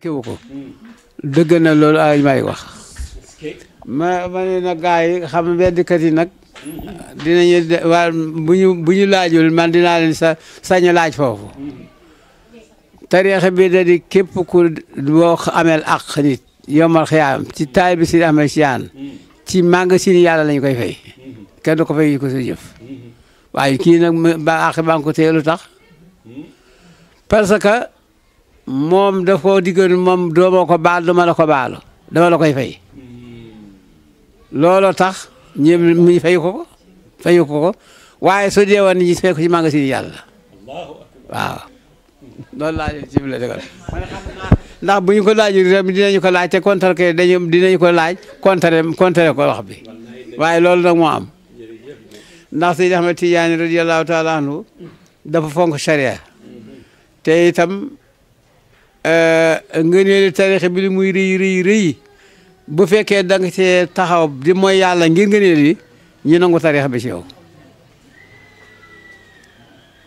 kiwu ko dëgg na loolu ay may wax ma ma ne yi xam weddkat yi nag dinañu bu ñu bu ñu laajul man dinaa leen sa sañ laaj foofu tariixa bi da képp ku boo ameel ak nit yomal xiyaam ci taay bi si amee siyaan ci magasin yàlla lañ koy fay kenn du ko fay ko sa jëf waaye kii nag ba ak ba ko tax parce que moom daf koo diggoon moom doomoo ko baal dama la ko baal dama la koy fay looloo tax ñu mu fay ko ko fayu ko ko waaye su dee woon ñu fekk ci magasin yàlla waaw la ndax bu ñu ko laajee réew mi dinañu ko laaj te kontar ke dañu dinañu ko laaj kontaré kontaré ko wax bi waaye loolu nag moo am ndax Seydi Ahmed Tidiane radiyallahu taala anhu dafa fonk charia te itam Euh, nga ne tarixa bi li muy rëy rëy rëy bu fekkee da nga taxaw di mooy yàlla ngir nga ne li ñu nangu tarixa bi si yow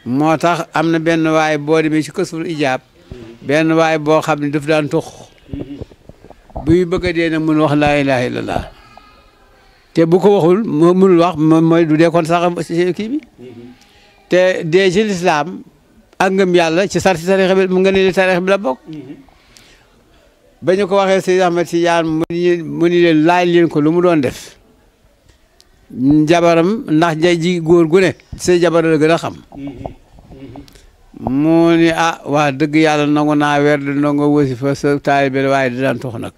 moo tax am na benn waay boo demee si kësul ijaab benn waay boo xam ne daf daan tux buy bëgg a dee nag mun wax laa ilaha illallah te bu ko waxul munul wax mooy du dee kon sax kii bi te dee ci lislaam a ngëm yàlla ci sarti tarixa bi mu nga ne tarixa bi la bokk mm-hmm. ba ñu ko waxee Seydi Ahmed Tidiane mu ni mu ni leen laaj leen ko lu mu doon def jabaram ndax jay ji góor gu ne say jabar la gën a xam mm-hmm. Mm-hmm. mu ni ah wax dëgg yàlla nangu naa weer di nangu wasi fa sa taalibe la waaye di daan tox nag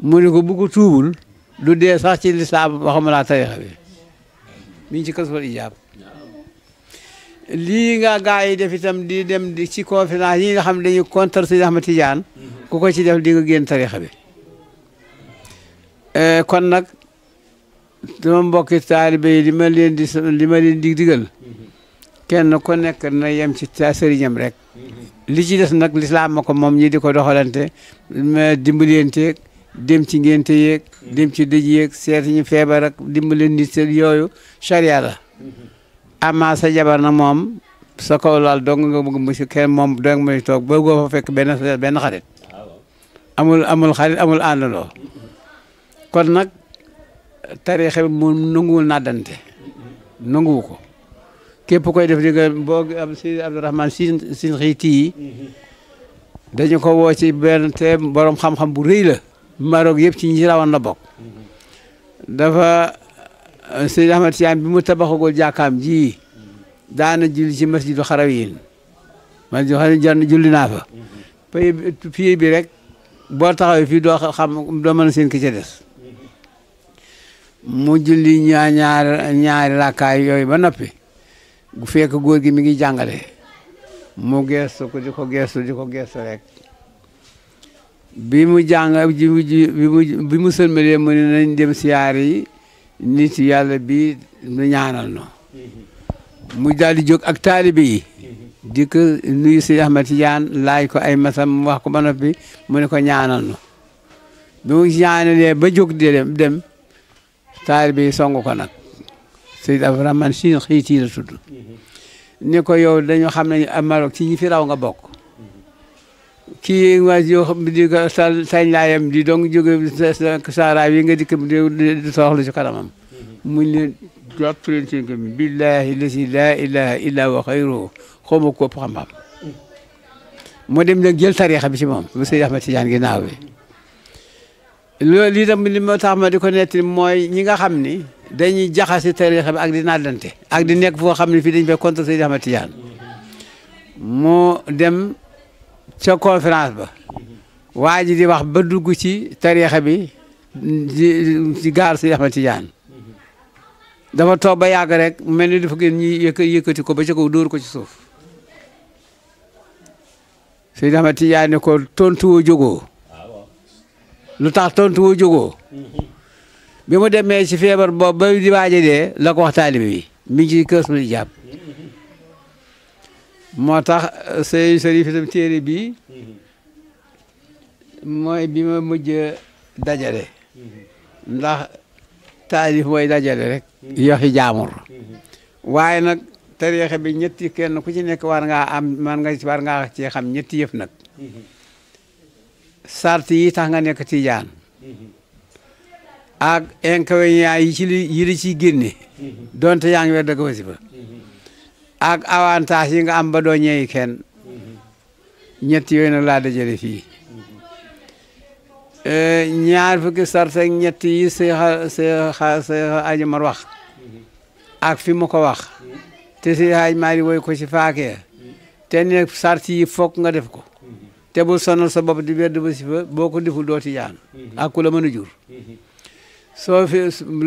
mu ni ko bu ko tuubul du dee sax ci lislaam waxuma laa tarixa bi mi ngi ci kasfal ijaab lii nga gaa yi def itam di dem di ci conférence yi nga xam ne dañuy contre Seydi Ahmad Tidiane ku ko ci def di nga génn tarixa bi eh, kon nag dama mbokki taalibe yi li ma leen di li ma leen di diggal kenn ku nekk na yem ci ta sëriñam rek li ci des nag lislaam ma ko moom ñi di ko doxalante dimbalenteeg dem ci ngénte yeeg dem ci dëj yeeg seeti ñu feebar ak dimbaleen nit seen yooyu charia la amaa sa jabar na moom sa kaw laal dong nga bëgg mu si kenn moom dong muy toog bëggoo fa fekk benn benn xarit amul amul xarit amul àndaloo kon nag tariixa mu nanguwul nàddante nanguwu ko képp koy def di nga boo am si Abdourahmane sin sin xiiti yi dañu ko woo ci benn te borom xam-xam bu rëy la Maroc yëpp ci ñi rawan la bokk dafa Euh, Seydi Ahmad Tijaan bi mu tabaxagul jàkkaam ji daana julli ci masjidu xarawiyin man joo xam ne jar na julli naa fa pay bi rek boo taxawee fii doo xam doo mën seen ki ca des mu julli ñaa ñaar ñaari rakkaay yooyu ba noppi bu fekk góor gi mi ngi jàngale mu geestu ko di ko geestu di ko geestu rek bi mu jàng bi mu bi mu sëlmalee mu ne nañ dem siyaar nit yàlla bi nu ñaanal no mu daal di jóg ak taalibe yi di ko nuyu si Ahmad Tijaan laaj ko ay masam mu wax ko ba noppi mu ne ko ñaanal no bi mu ba jóg dem dem taalibe yi song ko nag Seydi Abdourahmane Sy xiiti la tudd ni ko yow dañu xam na ne Maroc ci ñi fi raw nga bokk kii waa yoo xam ne di ko sa sañ laayam di dong jóge saaraay yi nga dikk di soxla ci kanamam muñ mm-hmm. mu jàpp leen seen ko mi billahi la laa ilaha illa wa xayruhu xawma ko xam-xam moo mm-hmm. dem da jël tariixa bi si moom ba Seydi Ahmad Tijaan ginnaaw bi loolu lii tam li ma tax ma di ko nettali mooy ñi nga xam ni dañuy jaxase tariixa bi ak di naadante ak di nekk foo xam ne fii dañ fay contre Seydi Ahmad Tijaan mm-hmm. moo dem ca conférence ba waa ji di wax ba dugg ci tariixa bi ci gaar si Axmad Tijaan dafa toog ba yàgg rek mel ni dafa gën ñi yëkk yëkkati ko ba ca kaw dóor ko ci suuf si Axmad Tijaan ne ko tontu woo jógoo lu tax tontu woo jógoo bi mu demee ci feebar boobu ba di waaja dee la ko wax taalibe ci kër suñu jàpp moo tax say euh, sëriñ itam téere bi mooy bi ma mujj dajale ndax taalif mooy dajale rek mhm. yoxi jaamur mhm. waaye nag tariixa bi ñetti kenn ku ci nekk war ngaa am man nga war xam ñetti yëf nag mhm. sart yi tax nga nekk tijaan ak inconvénients yi ci li yi li ciy génne donte yaa ngi weer dëgg ak avantage yi nga am ba doo ñëwi kenn ñett yooyu nag laa dajale fii eh, ñaar fukki sart ak ñett yi seexa seexa wax ak fi mu ko wax te si xaaj maa di woy ko ci faakee te ne sart yi fokk nga def ko te bul sonal sa bopp di bedd ba si boo ko deful doo ci ak ku mën a jur soo fi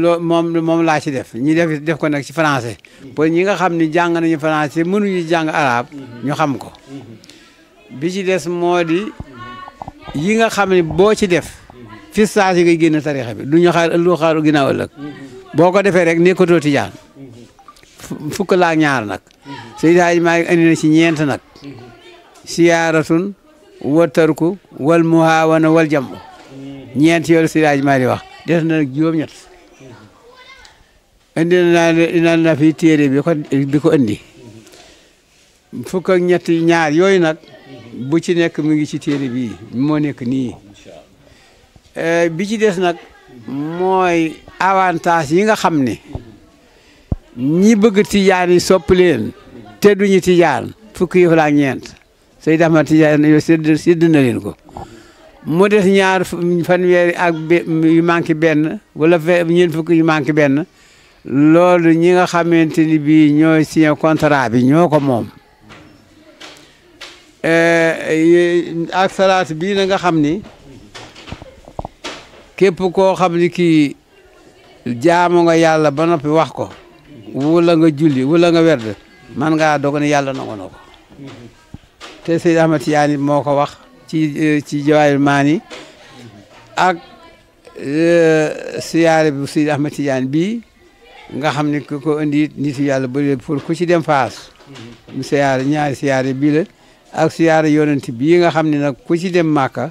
loo moom laa ci def ñi def def ko nag ci français pour ñi nga xam ni jàng nañu français mënuñu jàng arabe ñu xam ko bi ci des moo di yi nga xam ne boo ci def fi saa si ngay génn tarixa bi du ñu xaar lu xaaru ginnaaw boo ko defee rek nekkatoo tijaan fukk laa ñaar nag Seydi Haaji Maalik andi na ci ñeent nag siyaaratun wa tarku wal muhaawana wal jam ñeent yoolu Seydi ma di wax des na nag juróom-ñett indi naa naan fi téere bi ko bi ko indi fukk ñaar yooyu nag bu ci nekk mu ngi ci téere bi moo nekk nii e, bi ci des nag mooy avantage yi nga xam ni ñi bëgg tijaan yi sopp leen te duñu tijaan fukki yëf laa ñeent Seydi Ahmad Tijaan yow sédd sédd na leen ko mu des ñaar fanweeri ak yu manqué benn wala ñeent fukk yu manqué benn loolu ñi nga xamante ni bii ñoo signé contrat bi ñoo ko moom eh, ak salaat bii na nga xam ni képp koo xam ni kii jaamu nga yàlla ba noppi wax ko wala nga julli wala nga werd man ngaa doog ne yàlla nangu na te Seydi Ahmad Tijaani moo ko wax ci e, ci jawaayul maan yi ak e, siyaare bi Sidi Ahmed Tidiane bii nga xam ni ku ko indi it nitu yàlla bëri pour ku ci dem faas mhm. mu siyaare ñaari siyaare bii la ak siyaare yonent bi nga xam ni nag ku ci dem màkka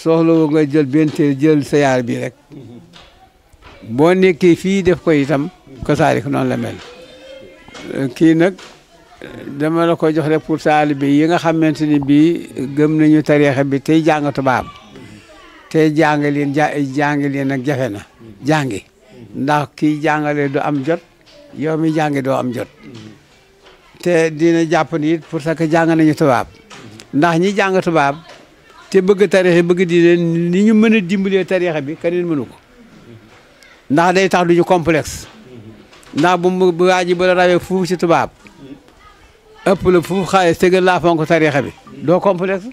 soxla nga jël benn jël siyaare bi rek mhm. boo nekkee fii def ko itam mhm. ko saari ko noonu la mel kii nag dama la koy jox rek pour taalibe yi nga xamante ni bii gëm nañu tariixa bi tey jàng tubaab te jàng liin ja jàng leen nag jafe na jàngi ndax kii jàngale du am jot yow mi jàngi doo am jot te dina jàpp ni it pour que jàng nañu tubaab ndax ñi jàng tubaab te bëgg tariixa bëgg diine ni ñu mën a dimbalee tariixa bi keneen mënu ko ndax day tax duñu complexe ndax bu mu waa ji ba la ci tubaab ëpp la fu xaalis te gën laa fonk tariixa bi doo complexe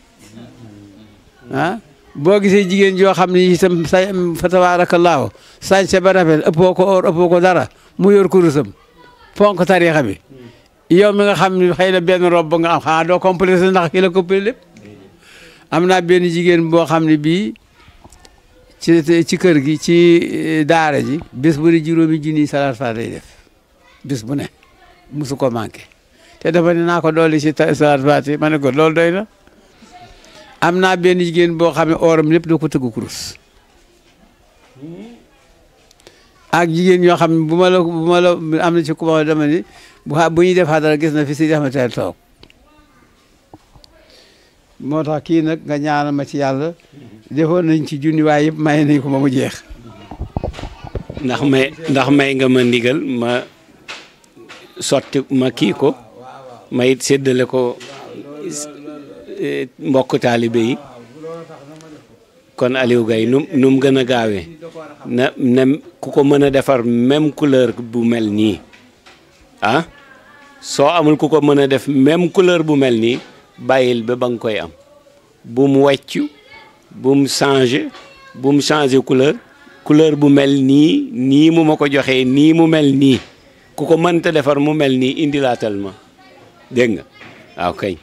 ah? boo gisee jigéen joo xam ni itam sa fa tabaarakallaahu sañse ba rafet ëppoo ko or ëppoo ko dara mu yor kurusam fonk tariixa bi yow mi nga xam ni xëy na benn rob nga am xanaa doo complexe ndax ki la coppile lépp am naa benn jigéen boo xam ne bii ci ci kër gi ci eh, daara ji bis bu ne juróomi junniy salaat fa lay def bés bu ne mosu ko manqué te dafa ne naa ko dolli si salaat faati ma ne ko loolu doy na am naa benn jigéen boo xam ne ooram lépp da ko tëgg kurus ak jigéen ñoo xam ne bu ma la am na ci ku ma dama ni bu bu ñuy def xadara gis na fi si jaxma teel toog moo tax kii nag nga ñaanal ma ci yàlla defoon nañ ci junni waaye yëpp may nañ ko ma mu jeex ndax may ndax may nga ma ndigal ma sotti ma kii ko may séddale ko eh, mbokk taalibe yi kon Aliou gay nu mu gën a gaawee na na ku ko mën a defar même couleur bu mel nii ah soo amul ku ko mën a def même couleur bu mel nii bàyyil ba ba nga koy am bu mu wecc bu mu changé bu mu changé couleur couleur bu mel nii nii mu ma ko joxee nii mu mel nii ku ko mënta defar mu mel nii indilaatal ma dégg nga waaw kay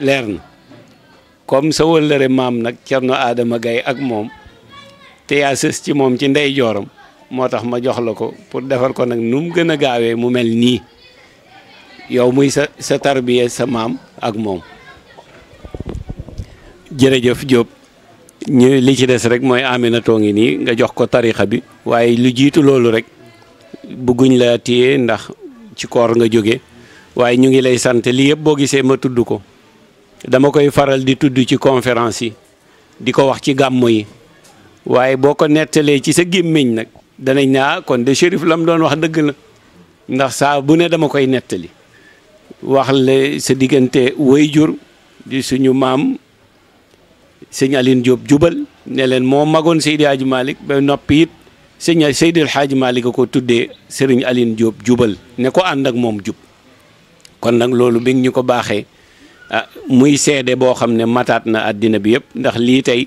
leer na comme sa wëllëre maam nag Cerno aadama Gaye ak moom te yaa sës ci moom ci ndeyjooram moo tax ma jox la ko pour defar ko nag nu mu gën a gaawee mu mel nii yow muy sa sa tarbiye sa maam ak moom jërëjëf Diop ñu li ci des rek mooy Aminatoo ngi nii nga jox ko tarixa bi waaye lu jiitu loolu rek bëgguñ la téye ndax ci koor nga jóge waaye ñu ngi lay sante lii yëpp boo gisee ma tudd ko dama koy faral di tudd ci conférence yi di ko wax ci gàmmu yi waaye boo ko nettalee ci sa gémmiñ nag danañ ne ah, kon de shérif la mu doon wax dëgg la ndax saa bu ne dama koy nettali wax la sa diggante wayjur di suñu maam sëñ Aline Diop jubal ne leen moo magoon Seydi Hadji Malick ba noppi it sëñ Seydi Hadji Malick a ko tuddee sëriñ Aline Diop jubal ne ko ànd ak moom jub kon nag loolu bi ñu ko baaxee ah muy seede boo xam ne mataat na àddina bi yëpp ndax lii tey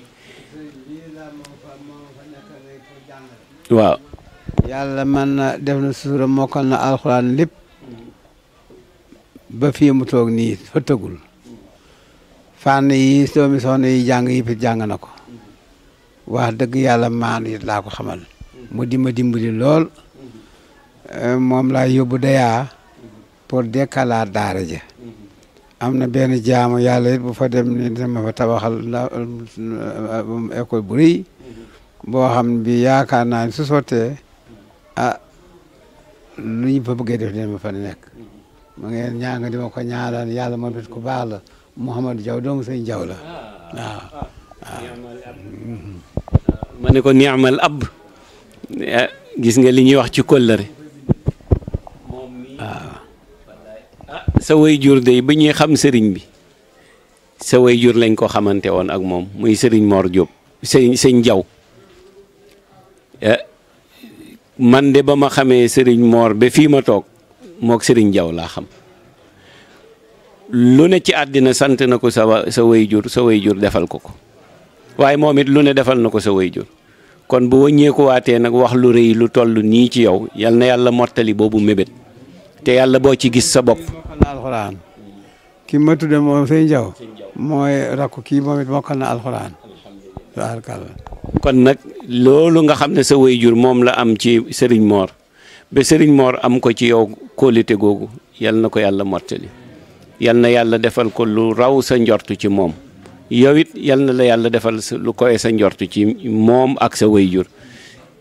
waaw yàlla man na def na suura mokkal na alxuraan lépp ba fii mu toog nii fa tëggul fànn yi doomi soxna yi jàng yëpp jàng na ko wax dëgg yàlla maanu it laa ko xamal mu dima dimbali lool eh, moom laa yóbbu dayaa pour dekkalaat daara ja am na benn jaamu yàlla it bu fa dem ni tabaxal um, école bu rëy boo xam ne bi yaakaar naa ne su sottee ah lu ñu fa bëggee def dina ma fa nekk ma ngeen ñaa nga di ma ko ñaanal yàlla moom it ku baax la Mouhamadou Diaw doomu sëñ Diaw la ma ne ko niamal ab eh, gis nga li ñuy wax ci kóllëre sa way jur day ba ñuy xam sëriñ bi sa way jur lañ ko xamante woon ak moom muy sëriñ Mor Diop sëriñ sëñ Jaw eh, man de ba ma xamee sëriñ moor ba fii ma toog mook sëriñ Jaw laa xam lu ne ci àddina sant na ko sa sa jur sa way jur defal ko ko waaye moom it lu ne defal na ko sa way kon bu wëññeeku nag wax lu rëy lu toll nii ci yow yal na yàlla mottali boobu mébét te yàlla boo ci gis sa bopp na alxuraan ki ma kii na alxuraan kon nag loolu nga xam ne sa waajur moom la am ci Serigne Mor ba Serigne Mor am ko ci yow kóolite googu yal na ko yàlla mottali yal na yàlla defal ko lu raw sa njortu ci moom yow it yal na la yàlla defal lu koy sa njortu ci moom ak sa waajur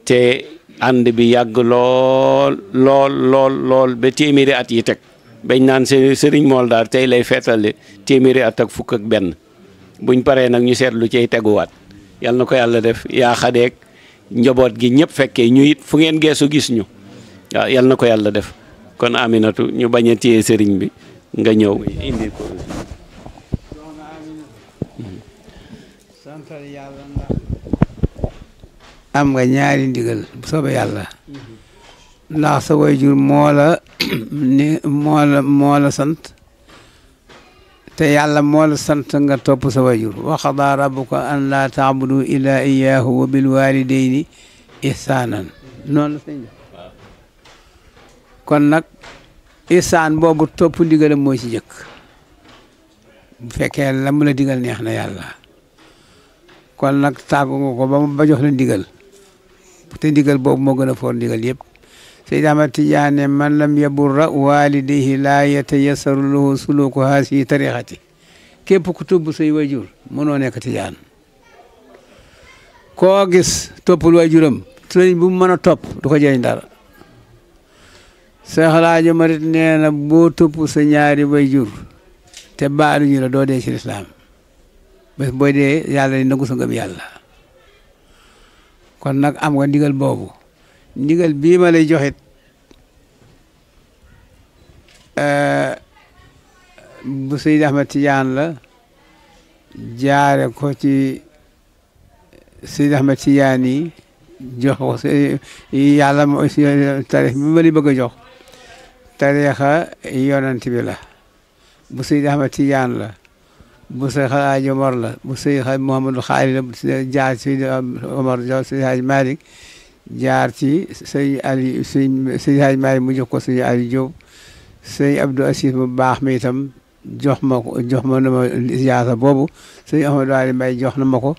te ànd bi yàgg lool lool lool lool ba téeméeri at yi teg. bañ naan seen sëriñ mool daal tey lay feetale téeméeri at ak fukk ak benn buñ paree nag ñu seet lu cay teguwaat yal na ko yàlla def yaa xadeek njaboot gi ñëpp fekkee ñu it fu ngeen geesu gis ñu waaw yal na ko yàlla def kon aminatu ñu bañ a téye sëriñ bi nga ñëw am nga ñaari ndigal bu yàlla mhm. ndax sa wayjur moo la sant te yàlla moo la sant nga topp sa wayjur wa qadaa rabbuka an laa taabudu illaa iyaahu wa bil waalidayni ihsaanan noonu la sëñ kon nag ihsaan boobu topp ndigalam mooy ci jëkk bu fekkee la mu la digal neex na yàlla kon nag taagu nga ko ba ba jox la ndigal te ndigal boobu moo gën a foor ndigal yëpp Seydi Ahmad Tijaane man lam yaburra walidayhi laa yatayasaru lahu suluku haasihi tariqati képp ku tubb say wajur mënoo nekk tijaan ko gis toppul wajuram sëriñ bu mu mën a topp du ko jëriñ dara Seex Alaaji Marit nee na boo topp wajur te baalu ñu la doo dee ci lislaam bés booy yàlla kon nag am nga ndigal boobu ndigal bii ma lay joxit eh, bu Seydi Ahmad Tijaan la jaare ko ci Seydi Ahmad Tijaan yi jox ko yàlla mooy tarix bi ma lay bëgg a jox tarixa yonent bi la bu Seydi Ahmad Tijaan la bu Seydi Hadj Omar la bu Seydi Mouhamadou Xaali la jaar Seydi Omar Seydi Hadj jaar ci sëñ ali sëñ sëñ Haaj Maay mu jox ko sëñ ali Diop ab Abdou Assis bu baax mi itam jox ma ko ma na ma yaasa boobu sëñ Ahmadou Ali Mbaye jox na ma ko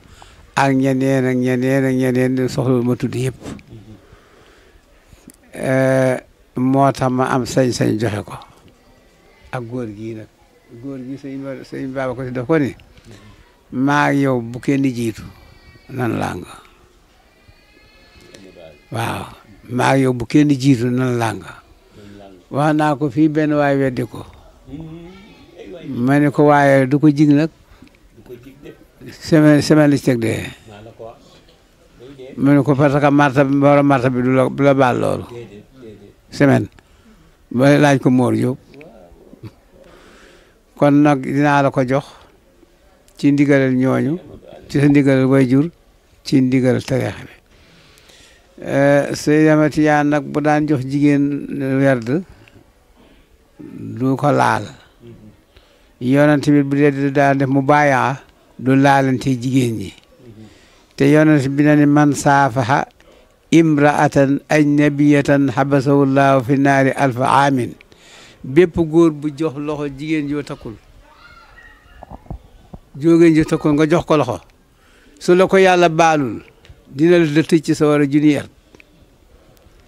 ak ñeneen ak ñeneen ak ñeneen soxla ma tudd yëpp eh, moo tax ma am sañ-sañ joxe ko ak góor gii nag góor gi sëñ Baaba ko si def ko ni maa yow bu kenn jiitu nan laa waaw maa yow bu kenn jiitu nan langa wax naa ko fii benn waay weddi ko ma ne ko waaye du ko jig nag semaine semaine la ci dee ma ne ko parce que marta war a marta bi du la du la baal loolu semaine ba laaj ko Mor Diop kon nag dinaa la ko jox ci ndigalal ñooñu ci sa ndigalal way jur ci Eh, Seydi Ahmed nag bu daan jox jigéen werd du ko laal yonent bi bu dee daan def mu baayaa du laalante jigéen ñi te yonent bi na ni man saafaxa imraatan ajnabiyatan habasahu llahu fi naari alfa aamin bépp góor bu jox loxo jigéen joo takkul jógéen joo takkul nga jox ko loxo su la ko yàlla baalul dina la tëj ci sawara junni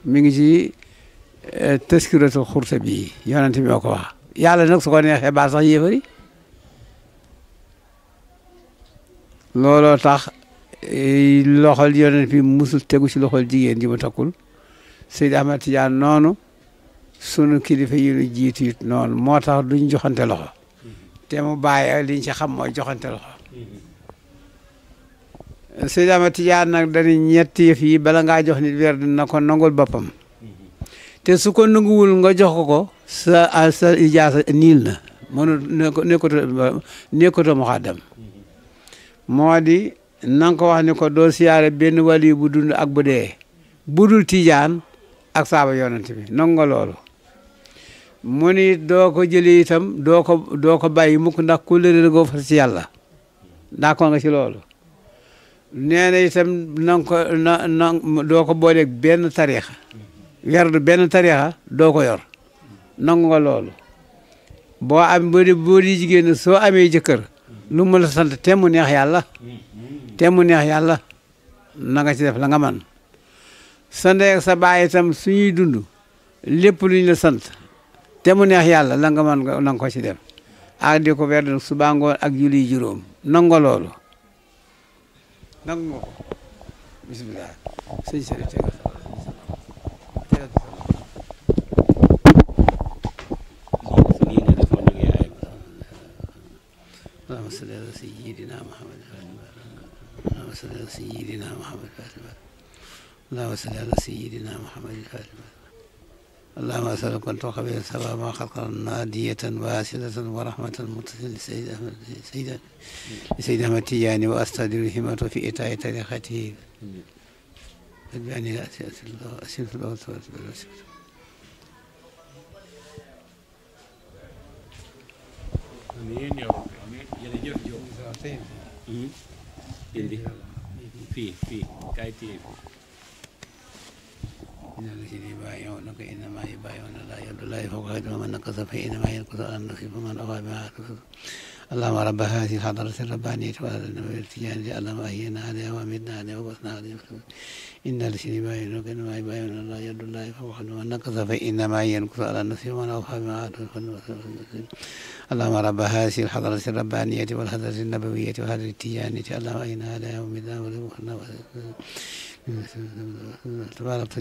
mi ngi ci e, taskiratul xursa bi yonent bi moo ko wax yàlla nag su ko neexee baa sax yéefari looloo tax e, loxol yonent bi musul tegu ci loxol jigéen ji mu takkul Seydi Ahmad Tijaan noonu sunu kilifa yi nu jiitu noonu moo tax duñ joxante loxo mm-hmm. te mu bàyyi liñ ci xam mooy joxante loxo mm-hmm. Seydi Ahmad Tijaan nag dañuy ñetti yëf yi bala ngaa jox nit weer dina ko nangul boppam te su ko nanguwul nga jox ko ko sa ah, sa ijaasa niil na mënul nekkatoo nekkatoo muxaddam moo di nang nga ko wax ni ko doo siyaare benn wali bu dund ak bu dee budul Tijaan ak saaba yonent bi nangu nga loolu mu ni doo ko jëlee itam doo ko doo ko bàyyi mukk ndax ku lëre goo fas ci yàlla d'accord nga ci loolu nee na itam nang ko na doo ko booleeg benn tariixa werdu benn tariixa doo ko yor nangu nga loolu boo am boo di boo di jigéen soo amee jëkkër lu mu la sant te mu neex yàlla te mu neex yàlla na nga ci def la nga man sa ndey ak sa baay itam suñuy dund lépp lu ñu la sant te mu neex yàlla la nga man nga ko ci def ak di ko werdu subaa ngoon ak julli juróom nangu nga loolu nangu nga ko bisimilah sëñ Saliou tegal tegal اللهم صل على سيدنا محمد اللهم صل على سيدنا محمد اللهم صل على سيدنا محمد الفاتح allahuma sal kon toxabee sabama xalqal naadiyatan wasilatan wa rahmatan muttasil sayid ahmad sayid sayid ahmad tijaani wa astadiru himato fi itaayi tarixatihi hmm? fii fii kay إن الذين يبايعونك إنما يبايعون الله يد الله فوق أيديهم ومن نكث فإنما ينكث على نفسه فمن أوفى بما عهد اللهم رب هذه الحضرة الربانية وهذا النبي التجاري اللهم أحيينا عليها وأمتنا عليها وبثنا عليها إن الذين يبايعونك إنما يبايعون الله يد الله فوق أيديهم ومن نكث فإنما ينكث على نفسه ومن أوفى بما عهد اللهم رب هذه الحضرة الربانية والحضرة النبوية وهذه التجارية اللهم أحيينا عليها وأمتنا عليها وبثنا عليها تبارك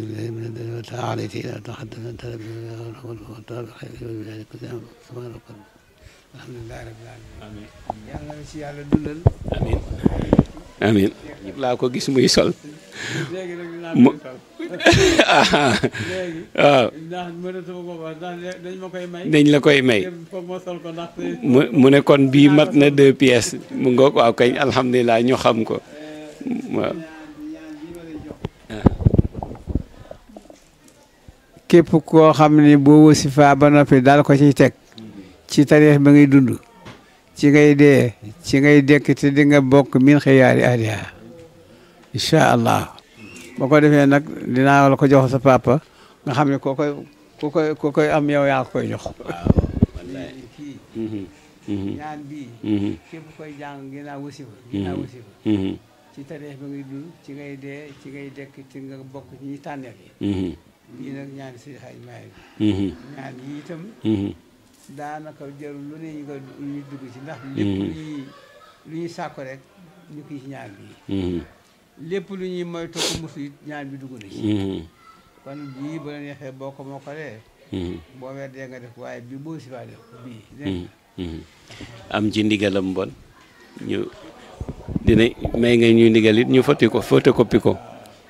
amin amin laa ko gis muy sol léegi koy sol léegi waaw ndax mënatuma dañ la koy may mu ne kon bii mat na deux pièces mu ngoog waaw kañ alhamdulilah ñu xam ko waaw képp koo xam ni boo wasifaa ba noppi daal ko ciy teg ci tariix ba ngay dund ci ngay dee ci ngay dekk te dinga nga bokk min ko defee nag dinaa ko jox sa papa nga xam ne koo koy ku koy ku koy am yow yaa képp koy jàng ginnaaw wasifa ba ngay dund ci ngay dee ci ngay dekk te bokk ñi tànneef yi ñii nag ñaani sëñ xaaj Maalik mm-hmm. ñaan yi itam mm-hmm. daanaka jarul lu ne ñu ko dugg ci ndax mm-hmm. lépp lu ñuy lu ñuy rek ñu kii ci ñaan bi lépp lu ñuy moy toog musu it ñaan bi dugg na ci kon bii ba la neexee boo ko moo ko ree boo weddee nga def waaye bi boo si waa def bii am ci ndigalam mbon ñu dina may nga ñuy ndigal ñu fotti ko photocopie ko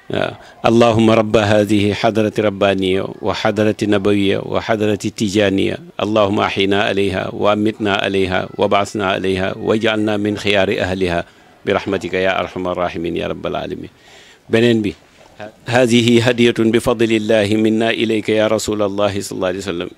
waaw allahuma rabba hadihi xadarati rabbaniya wa xadarati nabawiya wa xadarati tijaniya allahuma axina alayha wa amitna alayha wa baasna alayha wa jaalna min xiyaari ahliha bi rahmatika ya arhamar rahimin ya rabbal alamin beneen bi hadihi hadiyatun bi fadlillahi minna ilayka ya rasulallahi sallallahu alayhi wa sallam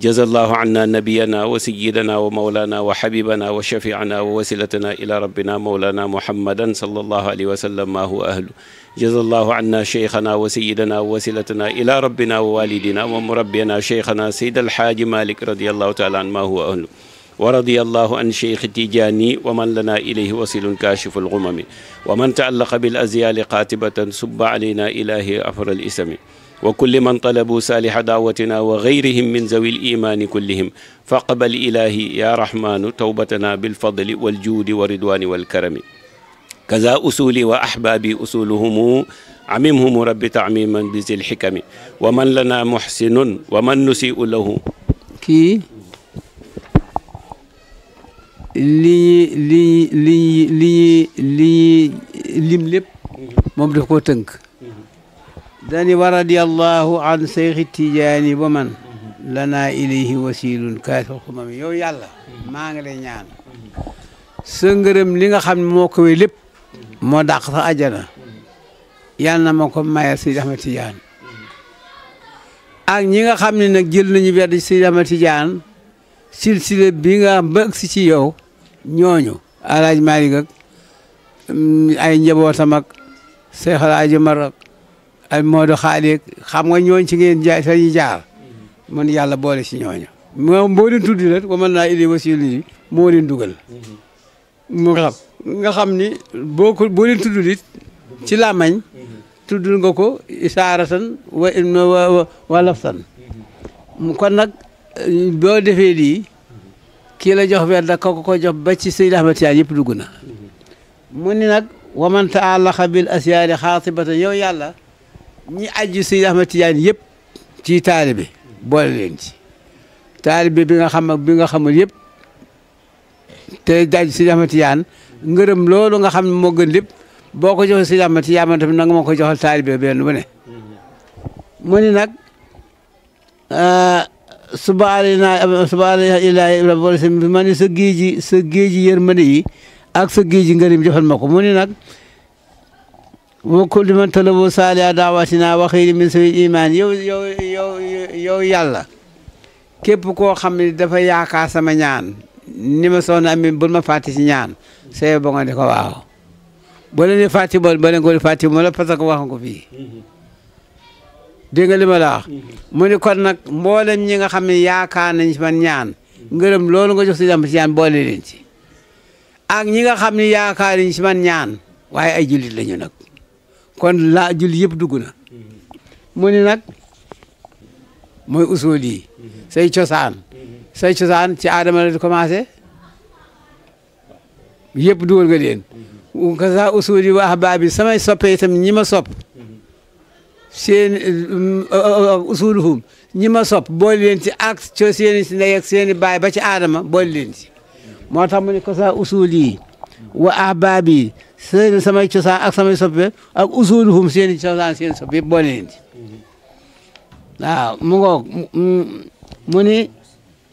jazallahu anna nabiyana wa sayidana wa maulana wa xabibana wa shafiana wa wasilatana ila rabbina maulana muhammadan sallallahu alayhi wa sallam ma huwa ahlu jazallahu anna cheikhana wa sayidana wa wasilatana ila rabbina wa walidina wa murabbiyana cheikhana sayd alxaaji malik radiallahu taala an ma huwa ahlu wa radiyallahu an cheikh Tijaani wa man lana ilayhi wasilun kaashifu lxumami wa man taallaqa bil azyaali qaatibatan subba alayna ilahi afral isami wa kulli man talabu saaliha daawatina wa gayrihim min zawil imaani kullihim faqbal ilaahi yaa rahmaanu tawbatana bilfadli waljuudi wa ridwaani walkarami kaza usuli wa ahbaabi usuluhumu amimhumu rabbi taamiman bi zil xikami wa man lana muxsinun wa man nusiu lahu kii li li li li li lim lépp moom daf koo tënk dani wa radiyallahu an seyxi tijaani ba man lanaa ilayhi wasilun kaasal xumami yow yàlla maa ngi lay ñaan sa ngërëm li nga xam ne moo ko wéy lépp moo dàq sa ajana yàlla na ma ko mayal Seydi Ahmad Tijaan ak ñi nga xam ne nag jël nañu wedd Seydi Ahmad Tijaan silsile bi nga bëgg si ci yow ñooñu alaaj Maalik ak mm, ay njabootam ak Seex Alaaji Mar ak ay Modou Xaali xam nga ñooñ ci ngeen jaay sañu jaar man yàlla boole si ñooñu moom boo leen tudd rek wa man naa indi wasiila yi moo leen dugal mu xam nga xam ni boo ko boo leen ci làmmañ tudd nga ko isaaratan wa wa wa laftan kon nag boo defee lii kii la jox weer da ko ko jox ba ci Seydi Ahmad Tijaan dugg na mu ni nag waman taalaxa bil asiyaari xaatibatan yow yàlla ñi aju si Ahmad Tijaan yépp ci taalibe boole leen ci taalibe bi nga xam bi nga xamul yëpp te daj si Ahmad Tijaan ngërëm loolu nga xam ne moo gën lépp boo ko joxee si Ahmad Tijaan man tamit nanga ma ko joxal taalibe benn bu ne mu ni nag subaana subaana ilaahi ma ni sa géej sa géej ji yërmande yi ak sa géej ji ngërëm joxal ma ko mu ni nag wa kulli man talabo saaliha daawatina wa xayri min sawi imaan yow yow yow yow yàlla képp koo xam ne dafa yaakaar sama ñaan ni ma soxna Ami bul ma fàtte ci ñaan sooy ba nga di ko waaw ba leen di fàtte ba ma la parce que wax ko fii dégg nga ma la mu ni kon nag mboolem ñi nga xam ne yaakaar nañ ci man ñaan ngërëm loolu nga jox si dam ci ñaan boole leen ci ak ñi nga xam ne yaakaar nañ si man ñaan waaye ay jullit lañu nag kon laa julli yëpp dugg na mu nag mooy usul yi say cosaan say cosaan ci aadama la commencé yëpp dugal nga leen ka sa usul yi wax baa bi samay soppe itam ñi ma sop seen usuluhum ñi ma sop boole leen ci ak co seeni si ndey ak baay ba ci aadama boole leen ci moo tax mu ne ko yi wa ahbaab yi seen samay cosaan ak samay soppe ak usuluhum seen i cosaan seen soppe yëpp boole leen ci waaw mu ngoog mu ni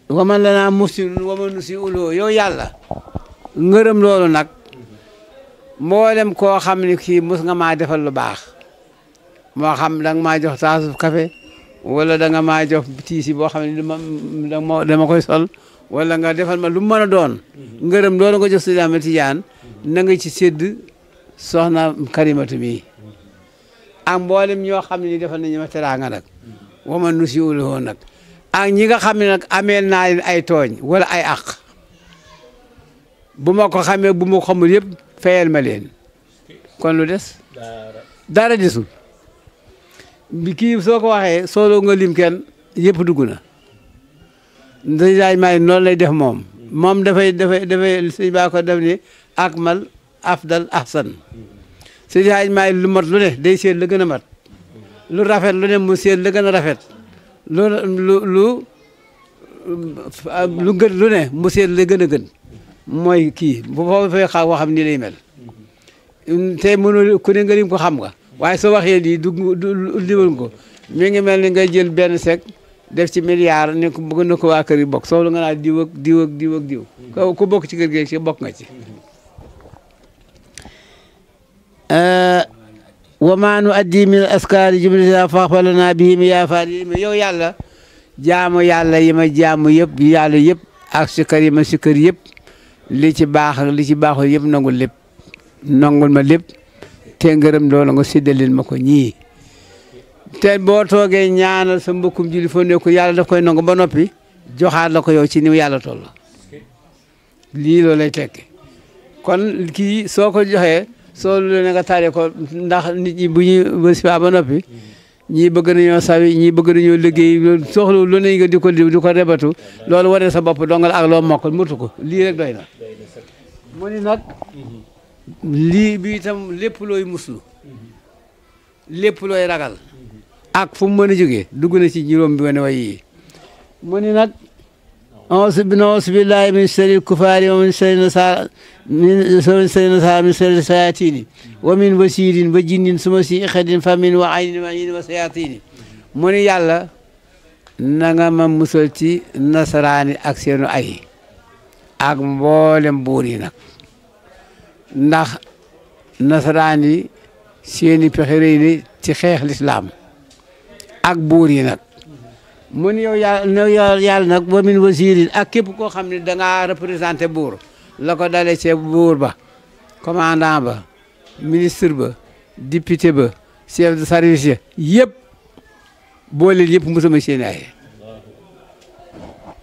waman lanaa mufsidun waman nu si uloo yow yàlla ngërëm loolu nag mboolem koo xam ne kii mos nga maa defal lu baax moo xam da nga maa jox taasuf café wala da nga maa jox tiisi boo xam ne dama dama koy sol wala nga defal ma lu mu mën a doon mhm. ngërëm doon nga jox Seydi Ahmed Tidiane mhm. na nga ci sédd soxna Karimatu mi mhm. ak mboolem ñoo xam ne ni defal nañu ma teraanga nag wama nu si wuluwoon nag ak ñi nga xam ne nag ameel naa ay tooñ wala ay àq bu ma ko xamee bu ma ko xamul yëpp fayal ma leen kon lu des dara desul bi kii soo ko waxee solo nga lim kenn yëpp dugg na nijaay may noonu lay def moom moom dafay dafay dafay sëñ baa ko def ni akmal afdal ahsan sëñ nijaay maay lu mat lu ne day seet la gën a mat lu rafet lu ne mu seet la gën a rafet lu lu gën lu ne mu la gën a gën mooy kii bu foofu fay xaw xam ni lay mel te mënul ku ne nga lim ko xam nga waaye soo waxee lii du du limal ko mi ngi mel ni nga jël benn sec def ci milliard ne ko bëgg na ko waa kër yi bokk soxla nga naa diw ak diw ak diw ak diw ku bokk ci kër gi ci bokk nga ci eh, wamaa nu addi min askaari jumlata faxfalana bihim yaa faadima yow yàlla jaamu yàlla yi ma jaamu yëpp yàlla yëpp ak sikkar yi ma sikkar li ci baax li ci baaxul yëpp nangul lépp nangul ma lépp te ngërëm loolu nga séddalil ma ko ñii te boo toogee ñaanal sa mbokkum julli fa ne ko yàlla daf koy nangu ba noppi joxaat la ko yow ci ni yàlla toll lii loolu lay tekki kon kii soo ko joxee soo lu ne nga taaree ko ndax nit ñi bu ñuy wasifa ba noppi ñii bëgg nañoo sawi ñi bëgg nañoo liggéey soxla lu ne nga di ko di ko rebatu loolu wane sa bopp dongal ak loo mokk mutu ko lii rek doy na mu nag lii bi itam lépp looy muslu looy ragal ak fu mu mën a jógee dugg na ci juróom bi wane way yi mu ni nag auzu bi auzu billahi min sharri kufaari wa min sharri nasaara min sharri sayaatini wa min wasiirin wa jinnin suma si xedin famin wa aynin wa aynin wa sayaatini mu ni yàlla na nga ma musal ci nasaraani ak seenu ay ak mboolem buur yi nag ndax nasaraan yi seeni pexe rëy ci xeex lislaam ak buur yi nag mu ni yow yàlla yàlla nag ba min ak képp koo xam ne dangaa représenté buur la ko dale ceeb buur ba commandant ba ministre ba député ba chef de service ya yëpp boole yëpp mosuma seen ay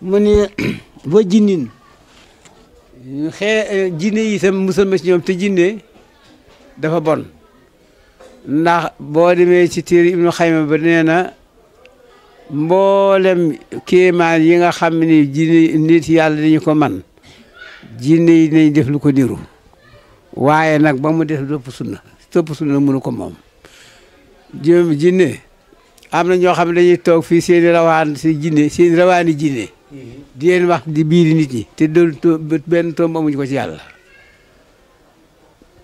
mu ni wa jinne yi itam mosuma si ñoom te jinne dafa bon ndax boo demee ci téer tiir ibnu xayma ba nee na mboolem kéemaan yi nga xam ni jinne nit yàlla dañu ko man jinne yi nañ def lu ko niru waaye nag ba mu def dëpp sunna dëpp sunna mënu ko moom jëm jinne am na ñoo xam ne dañuy toog fii seeni rawaan si jinne seeni rawaani jinne mm-hmm. di leen wax di biiri nit ñi te doon benn tomb amuñu ko ci yàlla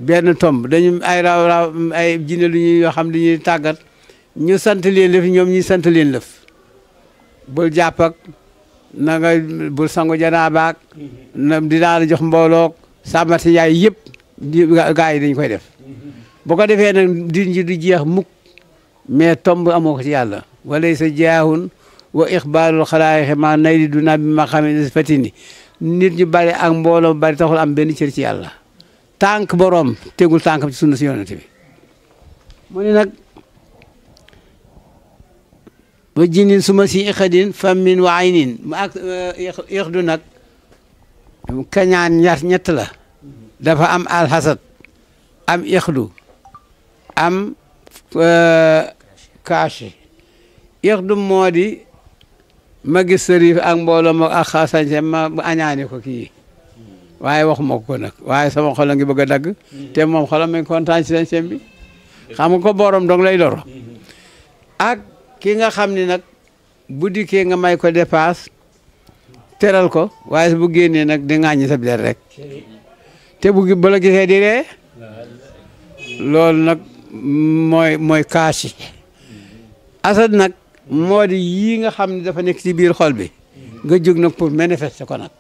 benn tomb dañu ay raaw raaw ay jinne lu ñuy yoo xam di ñuy tàggat ñu sant leen lëf ñoom ñu sant leen lëf bul jàpp ak na nga bul sangu janaabaak na dinaa la jox mbooloog sàmmati yaay yëpp gaa yi dañ koy def bu ko defee nag din ji du jeex mukk mais tomb amoo ko ci yàlla walay sa jaahun wa ixbaarul xalaayiqi ma nay di du naa bi ma xamee ne fatini nit ñu bari ak mbooloo bari taxul am benn cër ci yàlla tànk boroom tegul tànkam ci sunna si yonent bi mu ne nag ba jinin su ma si iqadin fammin wa aynin ma ak eh, iqdu nag kañaan ñaar ñett la dafa am alxasad am iqdu am eh, kaashi iqdu moo di ma gis sëriif ak mbooloo ma ak xaasañ ma añaane ko kii waaye waxuma ko nag waaye sama xol a ngi bëgg a dagg mhm. te moom xolam mi ngi kontaan ci seen seen bi xam nga ko boroom dong lay loro mhm. ak ki nga xam ni nag bu dikkee nga may ko dépasse teral ko waaye bu génnee nag di ŋàññi sa biir rek te bu bala loolu nag mooy mooy kaasi mhm. asad nag moo di yii nga xam ni dafa nekk si biir xol bi nga jóg nag pour manifester ko nag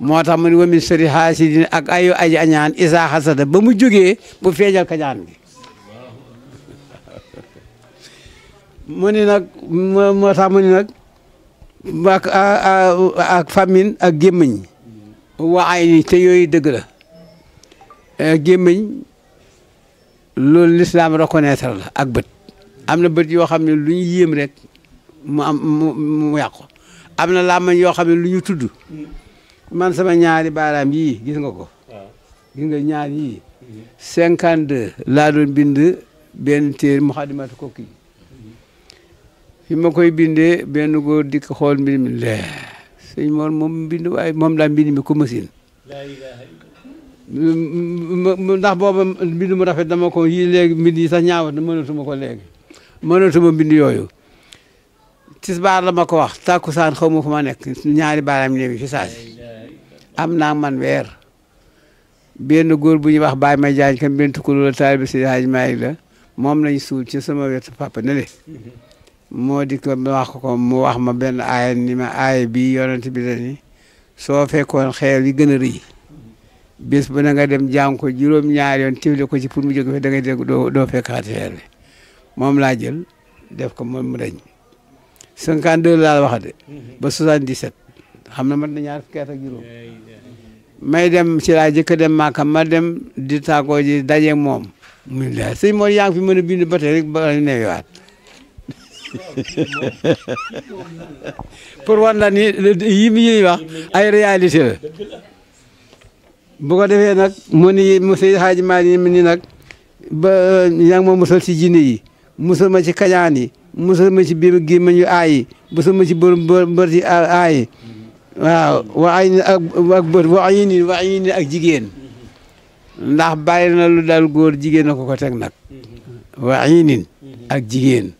moo tax mu ne wa min sharri haasidin ak ayu aji añaan isa hasada ba mu jógee bu feeñal kañaan gi mu ni nag moo tax mu ni nag ak ak famine ak gémmiñ wa ay ni te yooyu dëgg la eh, gémmiñ loolu l'islam reconnaître la ak bët am na bët yoo xam ne lu ñu yéem rek mu am mu yàqu am na làmmiñ yoo xam ne lu ñu tudd man sama ñaari baaraam yii gis nga ko. gis nga ñaar yii. 52 mhm. laa doon bind benn téere Muxaddamatul Kokki fi ma koy bindee benn góor dikk xool mbir mi leer sëñ moom moom bind waaye moom laa mbind mi ko machine. ndax booba mbind mu rafet dama ko yii léegi mbind yi sax ñaawat na mënatuma ko léegi mënatuma mbind yooyu. tisbaar la ma ko wax tàkkusaan xaw ma fu ma nekk ñaari baaraam ñëw fi saasi. am naa man weer benn góor bu ñuy wax baay ma jaañ kam benn tukuloo la taalibe si Haaj Maalik la moom lañ suul ci sama wetu papa ne le moo di ko wax ko mu wax ma benn aaya ni ma aaya bi yonent bi la ni soo fekkoon xeer yi gën a rëy bés bu na nga dem jàng ko juróom-ñaar yoon tiwle ko ci pour mu jóge fe da ngay dégg doo doo fekkaati xeer bi moom laa jël def ko moom mu dañ cinquante deux laa la wax de ba soixante dix xam na mat na ñaar fukki at may dem ci laa jëkk dem Màkka ma dem di tàggoo ji dajeeg moom. mu ne la sëñ Mor fi mën a bind ba tey rek ba ñu newewaat pour wan la ni yi mi ñuy wax ay réalité la bu ko defee nag mu ni mu Seydi Hadji Malick mi ni nag ba yaa ngi ma musal ci jinne yi musal ma ci kañaan yi musal ma ci biir gémmiñ yu aay yi musal ma ci bër bër ci aay waaw waa yi ak ak bët wax yi nii wax yi nii ak jigéen ndax bàyyi na lu góor jigéen na ko ko teg nag wax ak jigéen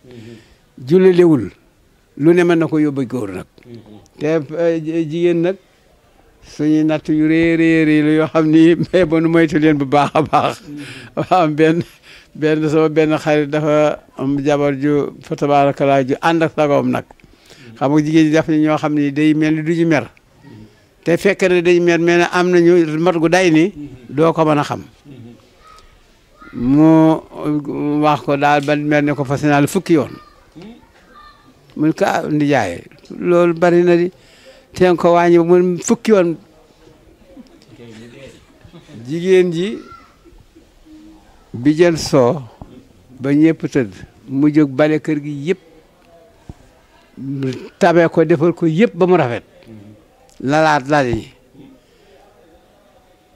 jullilewul lu ne mën na ko yóbbu góor nag te eh, jigéen nag suñu nat yu rëy rëy rëy yoo xam ni mais ba nu leen bu baax a baax am benn benn sama benn xarit dafa am jabar ju fa tabaarakalaa ju ak sagoom nag xam nga jigéen ji daf ni ñoo xam ne day mel ni du ñu mer te fekk na day mer mel ne am nañu mat gu day ni doo ko mën a xam mu wax ko daal ba mer ne ko fas fukki yoon mun ko ah, ndijaay loolu bari na di teen ko wàññi ba fukki yoon jigéen ji bi jël soo ba ñëpp tëdd mu jóg bale kër gi yëpp tabee ko defal ko yépp ba mu rafet lalaat lal yi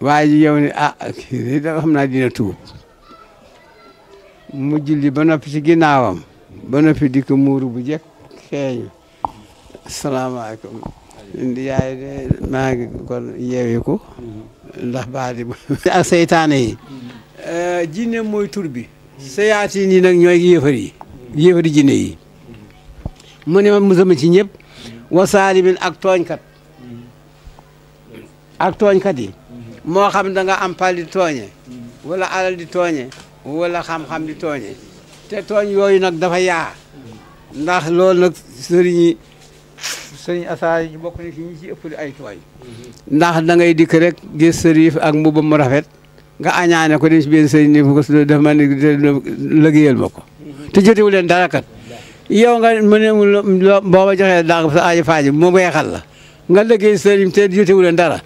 waaye ji yow ni ah kii naa dina tuub mu julli ba noppi ci ginnaawam ba noppi di ko muuru bu jëkk xeeñu asalaamaaleykum ndi yaay de maa ngi kon yeewi ko ndax baa di ak seytaane yi mm-hmm. eh, jinne mooy tur bi sayaati yi ñooy yéefar yi yéefari jinne yi mu ne ma musama ci ñëpp wa saalimin ak tooñkat ak tooñkat yi moo xam danga am pal di tooñe wala alal di tooñe walla xam-xam di tooñe te tooñ yooyu nag dafa yaa ndax lool nag sëriñ yi sëriñ asaar yi bokk na ci ñi ci ëppale ay tooñ ndax da ngay dikk rek gis sëriif ak mbubam mu rafet nga añaane ko dem ci benn sëriñ ni bu ko su dafa ma ne liggéeyal ma ko te jotewu leen dara kat yow nga mu ne loo boo ma joxee dàq sa aajo faaji mu weexal la nga liggéey sëriñ te jotewu leen dara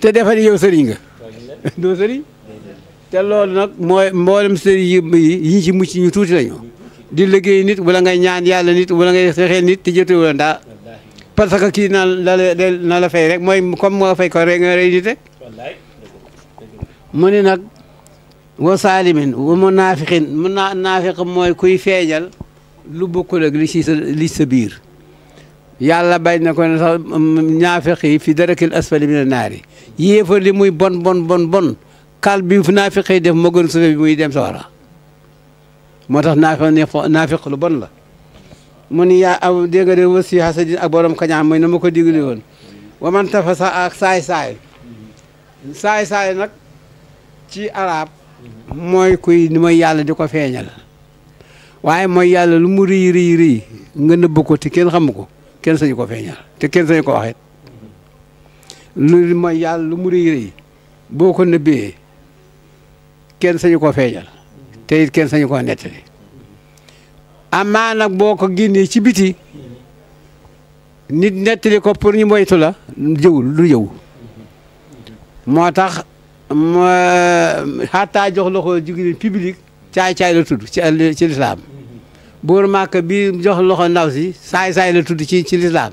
te defe yow sëriñ nga doo sëriñ te loolu nag mooy mboolem sëriñ yi yi ci mu mucc ñu tuuti lañu di liggéey nit wala ngay ñaan yàlla nit wala nga xexeel nit te jotewu leen dara parce que kii naan la na la fay rek mooy comme moo fay ko rek nga rey nit mu ne nag wa saalimin wa munaafiqin mu naafiq mooy kuy feeñal lu bokkul li ci sa sa biir yàlla bay na ko ne sax ñaafeq mm, yi fi darakil asfali mina naari yéefar li muy bon bon bon bon kal bi naafiq yi def moo gën suufee bi muy dem sawara moo tax naafiq naafiq lu bon la mu ni yaa aw dégg nga de wasi hasadin ak borom kañaam mooy na ma ko digli woon wa man tafa sa saay-saay saay-saay nag ci arab mooy kuy ni ma yàlla di ko feeñal waaye mooy yàlla lu mu rëy rëy rëy nga nëbb ko te kenn xamu ko kenn sañu ko feeñal te kenn sañu ko waxit lu mooy yàlla lu mu rëy rëy boo ko nëbbee kenn sañu ko feeñal te kenn sañu ko nettali amaa nag boo ko génnee ci biti nit nettali ko pour ñu moytu la jëwul lu jëw moo tax xataa jox loxo jigéen public caay-caay la tudd ci ci lislaam buur màkk bi jox loxo ndaw si saay-saay la tudd ci ci lislaam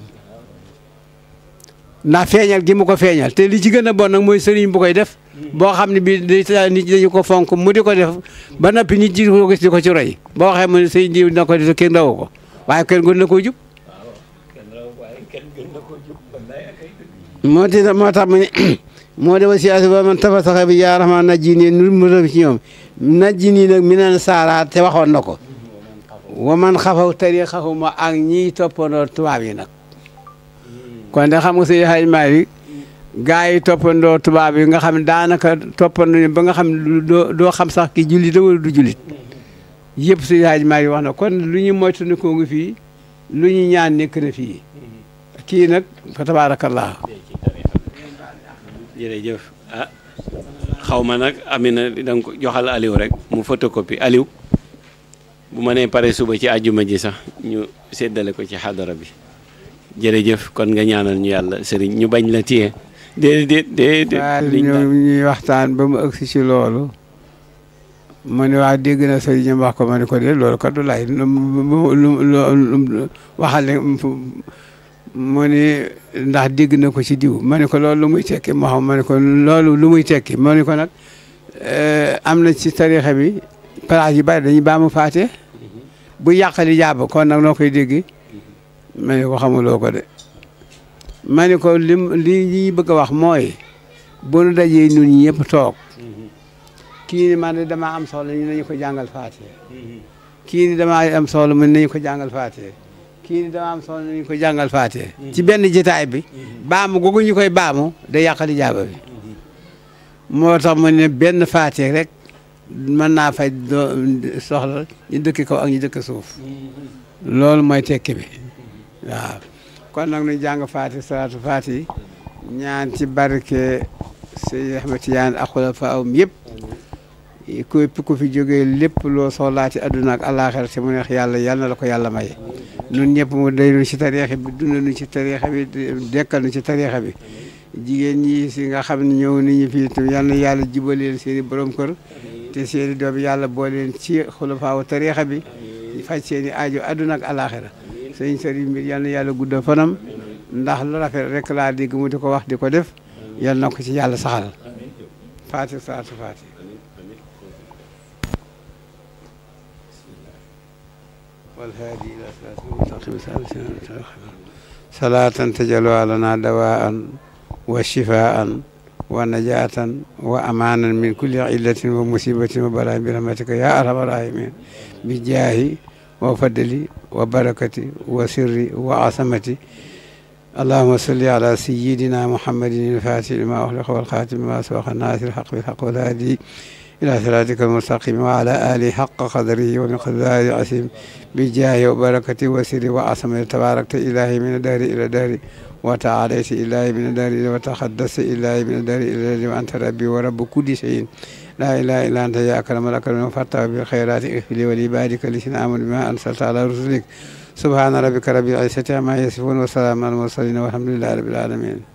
ndax feeñal gi mu ko feeñal te li ci gën a bon nag mooy sëriñ bu koy def boo xam ne bii nit dañu ko fonk mu di ko def ba noppi nit ñi ko gis di ko ci roy boo waxee mu ne sëriñ diw dina ko def kenn rawu ko waaye kenn gën na koo jub moo moo tax mu ne moo de wasiyaasi ba man tafa saxe bi yaa rahman najji nii nu mu ci ñoom najji nii nag mi naan saaraat te waxoon na ko wa man xafaw tariqahum ak ñiy toppandoo tubaab yi nag kon da xam nga si xaj gaa yi toppandoo tubaab yi nga xam ne daanaka toppandoo ba nga xam doo xam sax ki jullit da wala du jullit yëpp si xaj Maalik wax na kon lu ñu moytandikoo ngi fii lu ñu ñaan nekk na fii kii nag fa tabaarakallah ah, xaw ma nag Amina da ko joxal Aliou rek mu photocopie Aliou bu ma nee pare suba ci ajuma ji sax ñu seddale ko ci xadara bi jërëjëf kon nga ñaanal ñu yàlla sëriñ ñu bañ la téye déedéet déedéet ñuy waxtaan ba mu ëgsi si loolu ma ne wax dégg na sëriñam wax ko ma ne ko de loolu lu ndax dégg na ko ci diw ma ne ko loolu lu muy tekki ma ne ko loolu lu muy tekki ma ko nag eh, am na ci tariixa bi place yu bari dañuy baamu faate mhm. bu yàqali jàpp kon nag noo koy dégg mhm. ma ne ko xamuloo ko de ma ko li li ñuy bëgg a wax mooy bu nu dajee ñun ñëpp toog mhm. kii ni man de damaa am soxla ñu ko jàngal faate kii ni damaa am solo mu nañu ko jàngal faate kii ni damaa am soxla nañu ko jàngal faate ci benn jitaay bi baamu googu ñu koy baamu day yàqali jàpp bi moo tax mu ne benn faate rek mën naa faj soxla ñu dëkk kaw ak ñu dëkk suuf loolu mooy tekki bi waaw kon nag ñu jàng faati salaatu faati ñaan ci barke Seydi Ahmed Tidiane ak xulafa am yëpp képp ku fi jógee lépp loo soxlaa ci àdduna ak àllaaxira ci mu neex yàlla yal na la ko yàlla may nun ñëpp mu day nu ci tariixa bi dund nu ci tariixa bi dekkal nu ci tariixa bi jigéen ñi si nga xam ne ñëw ñu fi itam yal na yàlla jubaleel seen i borom kër te seeni doom yàlla boo leen ci xulafaawu tariixa bi faj seeni aajo àdduna ak alaaxira sëñ sëriñ mbir yàlla guddal fanam ndax lu rafet rek laa dégg mu di ko wax di ko def yal na ko ci yàlla saxal faati saatu faati والهادي إلى صراط المستقيم صلاة تجعل علينا دواء وشفاء wa najaatan wa amaanan min kulli illatin wa musibatin wa balaa bi rahmatika ya arhamar rahimin bi jaahi wa fadli wa barakati wa sirri wa asamati allahuma salli ala sayidina muhammadin ilfatih lima uxliqa walxaatimi ma sabaqa naasir xaq bilxaq walhaadi ila siraatika almustaqim wa ala alihi xaqa qadrihi wa miqdaari asim bi jaahi wa barakati wa sirri wa asamati tabarakta ilahi min adari ila dari وتعاليت إلهي من الدار وتقدست إلهي من الدار الذي وأنت ربي ورب كل شيء لا إله إلا أنت يا أكرم الأكرمين فارتقب بالخيرات اغفر لي ولعبادك الذين آمنوا بما أنزلت على رسلك سبحان ربك رب العزة عما يصفون وسلام على المرسلين والحمد لله رب العالمين